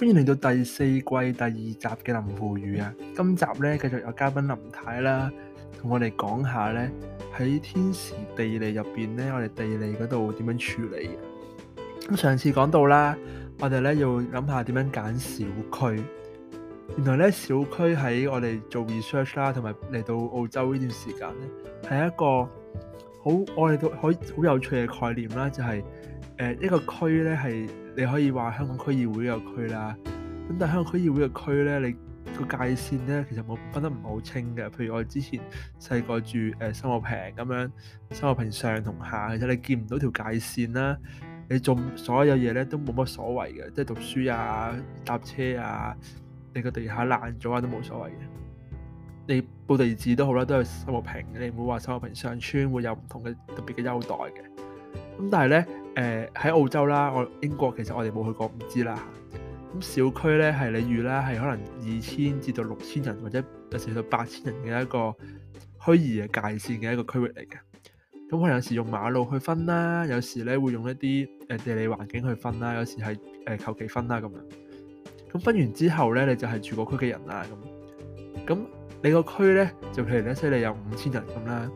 歡迎嚟到第四季第二集嘅林父語啊！今集咧，繼續有嘉賓林太啦，同我哋講下咧，喺天時地利入邊咧，我哋地利嗰度點樣處理？咁上次講到啦，我哋咧要諗下點樣揀小區。原來咧，小區喺我哋做 research 啦，同埋嚟到澳洲呢段時間咧，係一個。好，我哋到可以好，好有趣嘅概念啦，就係、是、誒、呃、一個區呢，係你可以話香港區議會嘅區啦。咁但係香港區議會嘅區呢，你個界線呢，其實冇分得唔好清嘅。譬如我之前細個住誒、呃、秀茂坪咁樣，秀茂坪上同下，其實你見唔到條界線啦。你做所有嘢呢，都冇乜所謂嘅，即係讀書啊、搭車啊、你個地下爛咗啊都冇所謂嘅。你報地址都好啦，都係收活平，你唔會話收活平上村會有唔同嘅特別嘅優待嘅。咁但係呢，誒、呃、喺澳洲啦，我英國其實我哋冇去過，唔知啦。咁小區呢，係你預啦，係可能二千至到六千人，或者有時到八千人嘅一個虛擬嘅界線嘅一個區域嚟嘅。咁可能有時用馬路去分啦，有時呢會用一啲誒地理環境去分啦，有時係誒求其分啦咁樣。咁分完之後呢，你就係住嗰區嘅人啦咁。咁你個區呢，就譬如你犀利有五千人咁啦，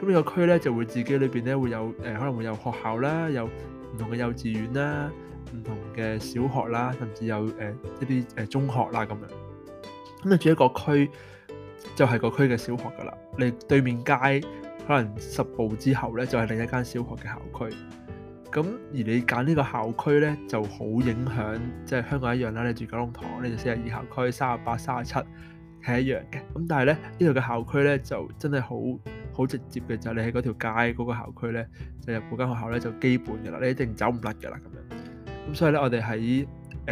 咁呢個區呢，就會自己裏邊呢，會有誒、呃、可能會有學校啦，有唔同嘅幼稚園啦，唔同嘅小學啦，甚至有誒、呃、一啲誒、呃、中學啦咁樣。咁你住一個區就係、是、個區嘅小學㗎喇，你對面街可能十步之後呢，就係、是、另一間小學嘅校區。咁而你揀呢個校區呢，就好影響，即、就、係、是、香港一樣啦。你住九龍塘，你就四十二校區三十八、三十七。係一樣嘅，咁但係咧，呢度嘅校區咧就真係好好直接嘅，就你喺嗰條街嗰個校區咧，就入嗰間學校咧就基本嘅啦，你一定走唔甩嘅啦咁樣。咁所以咧，我哋喺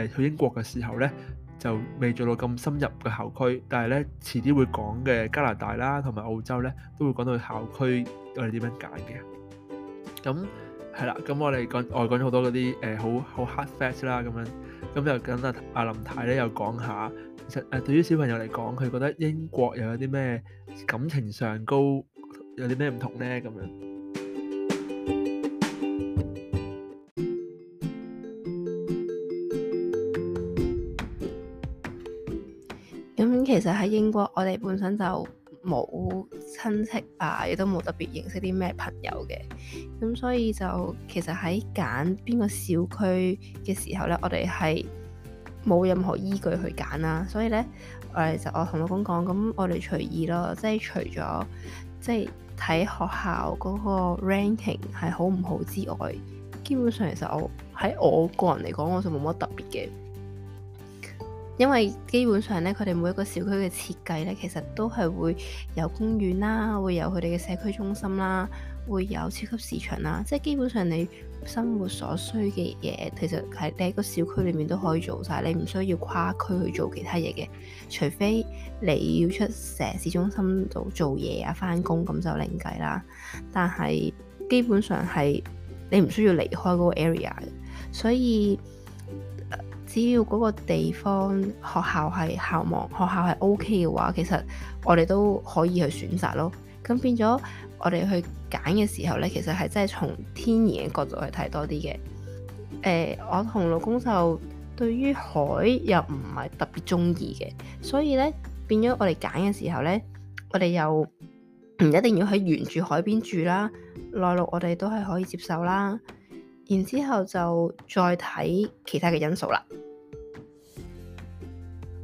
誒去英國嘅時候咧，就未做到咁深入嘅校區，但係咧遲啲會講嘅加拿大啦，同埋澳洲咧都會講到去校區我哋點樣揀嘅。咁係啦，咁我哋講外講咗好多嗰啲誒好好 hard facts 啦咁樣，咁就等阿阿林太咧又講下。其實誒，對於小朋友嚟講，佢覺得英國又有啲咩感情上高，有啲咩唔同呢？咁樣。咁其實喺英國，我哋本身就冇親戚啊，亦都冇特別認識啲咩朋友嘅。咁所以就其實喺揀邊個小區嘅時候呢，我哋係。冇任何依據去揀啦，所以呢，誒就我同老公講，咁我哋隨意咯，即係除咗即係睇學校嗰個 ranking 係好唔好之外，基本上其實我喺我個人嚟講，我就冇乜特別嘅。因為基本上咧，佢哋每一個小區嘅設計咧，其實都係會有公園啦，會有佢哋嘅社區中心啦，會有超級市場啦。即係基本上你生活所需嘅嘢，其實喺你喺個小區裏面都可以做晒。你唔需要跨區去做其他嘢嘅。除非你要出城市中心度做嘢啊、返工咁就另計啦。但係基本上係你唔需要離開嗰個 area 嘅，所以。只要嗰個地方學校係校望，學校係 OK 嘅話，其實我哋都可以去選擇咯。咁變咗我哋去揀嘅時候呢，其實係真係從天然嘅角度去睇多啲嘅。誒、欸，我同老公就對於海又唔係特別中意嘅，所以呢，變咗我哋揀嘅時候呢，我哋又唔一定要喺沿住海邊住啦，內陸我哋都係可以接受啦。然之後就再睇其他嘅因素啦。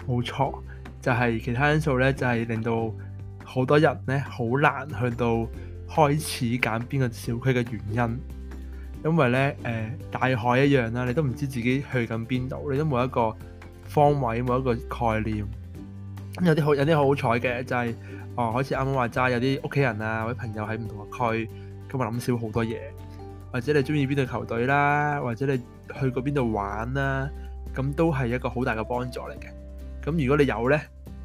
冇錯，就係其他因素呢，就係令到好多人呢，好難去到開始揀邊個小區嘅原因。因為呢，誒大海一樣啦，你都唔知自己去緊邊度，你都冇一個方位，冇一個概念。有啲好有啲好彩嘅就係，哦，好似啱啱話齋，有啲屋企人啊，或者朋友喺唔同嘅區，咁啊諗少好多嘢。或者你中意邊隊球隊啦，或者你去過邊度玩啦，咁都係一個好大嘅幫助嚟嘅。咁如果你有呢，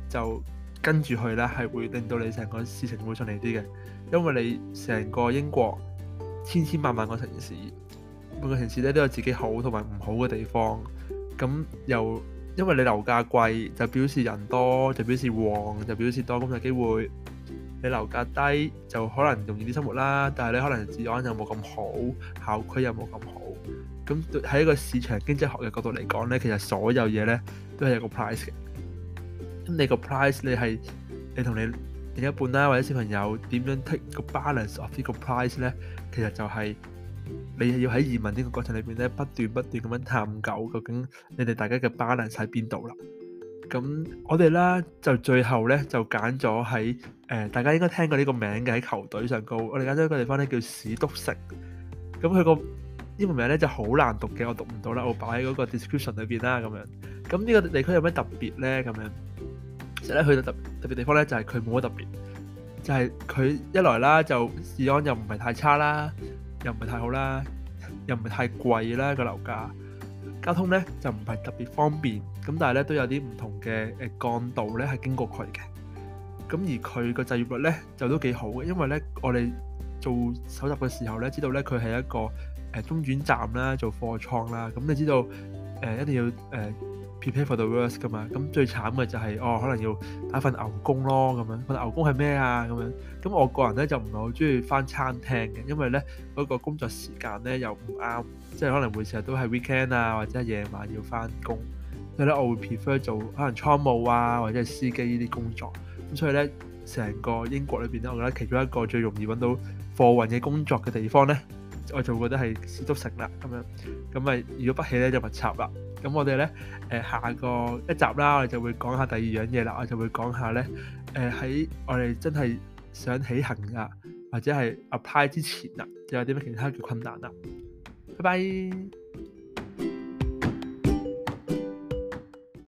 就跟住去啦，係會令到你成個事情會上嚟啲嘅。因為你成個英國千千萬萬個城市，每個城市咧都有自己好同埋唔好嘅地方。咁又因為你樓價貴，就表示人多，就表示旺，就表示多工作機會。你樓價低就可能容易啲生活啦，但係你可能治安又冇咁好，校區又冇咁好。咁喺一個市場經濟學嘅角度嚟講呢，其實所有嘢呢都係有個 price 嘅。咁你個 price 你係你同你另一半啦，或者小朋友點樣 take 個 balance of 呢個 price 呢？其實就係你係要喺移民呢個過程裏邊呢，不斷不斷咁樣探究究竟你哋大家嘅 balance 喺邊度啦。咁我哋啦就最後咧就揀咗喺，誒大家應該聽過呢個名嘅，喺球隊上高，我哋揀咗一個地方咧叫史篤城。咁佢個英文名咧就好難讀嘅，我讀唔到啦，我擺喺嗰個 description 裏邊啦咁樣。咁呢個地區有咩特別咧？咁樣，其實咧去到特特別地方咧就係佢冇乜特別，就係、是、佢一來啦就治安又唔係太差啦，又唔係太好啦，又唔係太貴啦、個樓價。交通咧就唔係特別方便，咁但係咧都有啲唔同嘅誒幹道咧係經過佢嘅，咁而佢個就業率咧就都幾好嘅，因為咧我哋做蒐集嘅時候咧知道咧佢係一個誒中轉站啦，做貨倉啦，咁你知道誒一定要誒。prepare for the worst 㗎嘛，咁最慘嘅就係、是、哦，可能要打份牛工咯，咁樣份牛工係咩啊，咁樣，咁我個人咧就唔係好中意返餐廳嘅，因為咧嗰、那個工作時間咧又唔啱，即係可能成日都係 weekend 啊或者夜晚上要返工，所以咧我會 prefer 做可能倉務啊或者係司機呢啲工作，咁所以咧成個英國裏邊咧，我覺得其中一個最容易揾到貨運嘅工作嘅地方咧。我就覺得係試足成啦，咁樣，咁咪如果不起咧就密插啦。咁我哋咧誒下個一集啦，我哋就會講下第二樣嘢啦。我就會講下咧誒喺我哋真係想起行啊，或者係 apply 之前啊，有啲咩其他嘅困難啊。拜拜。